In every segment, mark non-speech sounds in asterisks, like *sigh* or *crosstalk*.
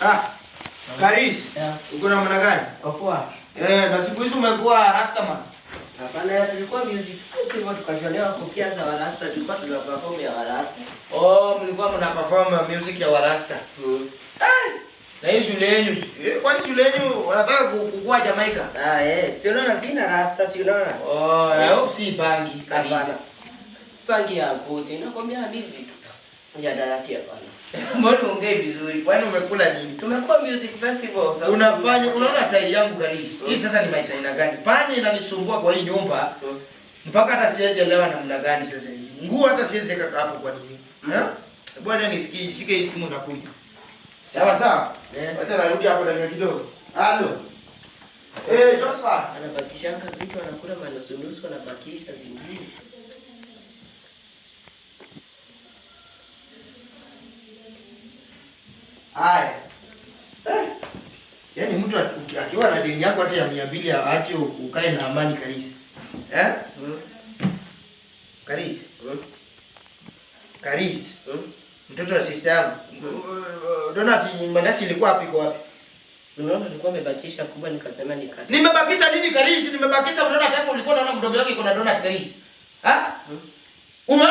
Ah, Karis, uko na maana gani? Eh, na siku hizi umekuwa rasta man. Hapana, ya tulikuwa music festival tukashonewa kofia za Warasta, tulikuwa tuna perform ya Warasta. Oh, mlikuwa mna perform uh, music ya Warasta. Mm. Na hii shule eh, yenu, kwani shule yenu wanataka kukua Jamaica? Ah, eh. Si unaona sina Rasta, si unaona? Oh, yeah. I hope si bangi kabisa. Bangi ya kosi, nakwambia mimi vitu. Jadarati hapana. *laughs* Mbona ongee vizuri? Kwani umekula nini? Tumekuwa music festival sasa. Unafanya unaona tai yangu kalisi. Hii sasa ni maisha aina gani? Panya inanisumbua kwa hii nyumba. Mpaka hata siwezi elewa namna gani sasa hii. Nguo hata siwezi kaka hapo kwa nini? Mm. Eh? Ha? Bwana nisikie, shike hii simu nakuja. Eh? Sawa sawa. Eh. Wacha narudi hapo dakika kidogo. Halo. Eh, Joseph, anabakisha vitu anakula manusu anabakisha zingine. Haya. Eh. Yaani mtu akiwa na deni yako hata ya mia mbili aache ukae na amani kabisa. Eh? Mm. Karisi. Mm. Karis. Mm. Mtoto wa sister yangu. Mm. Donati manasi ilikuwa wapi kwa wapi? Unaona nilikuwa nimebakisha kubwa nikasema nikata. Nimebakisha nini Karis? Nimebakisha mtoto wake hapo ulikuwa unaona mdomo wake na donati Karis. Ha? Mm. Ume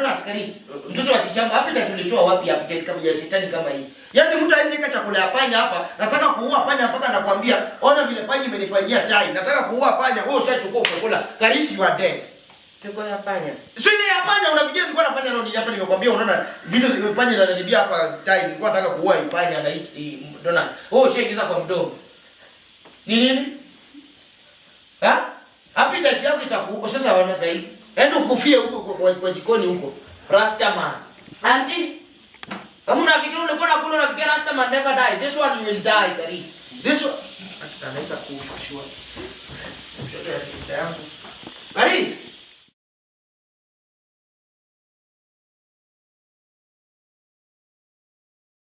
McDonald's karisi. Mtoto wa sichanga hapa itatulitoa wapi appetite kama ya shetani kama hii? Yaani mtu hawezi ika chakula ya panya hapa. Nataka kuua panya mpaka nakwambia, ona vile panya imenifanyia tai. Nataka kuua panya. Wewe ushachukua chakula. Karisi you are dead. Tuko ya panya. Sio ni ya panya unafikiri nilikuwa nafanya nini hapa nimekwambia unaona vitu vya panya zinanibia hapa tai. Nilikuwa nataka kuua panya na hii Donald. Wewe ushaingiza kwa mdomo. Ni nini? Ha? Appetite yako itakuwa sasa wana zaidi. Hebu yaani ukufie huko kwa kwa, kwa jikoni huko. Rastaman. Anti. kama unafikiri ulikuwa unakula unafikiri Rastaman never die. This one you will die Paris. This one anaweza kufa sure. Mtoto wa sister yangu.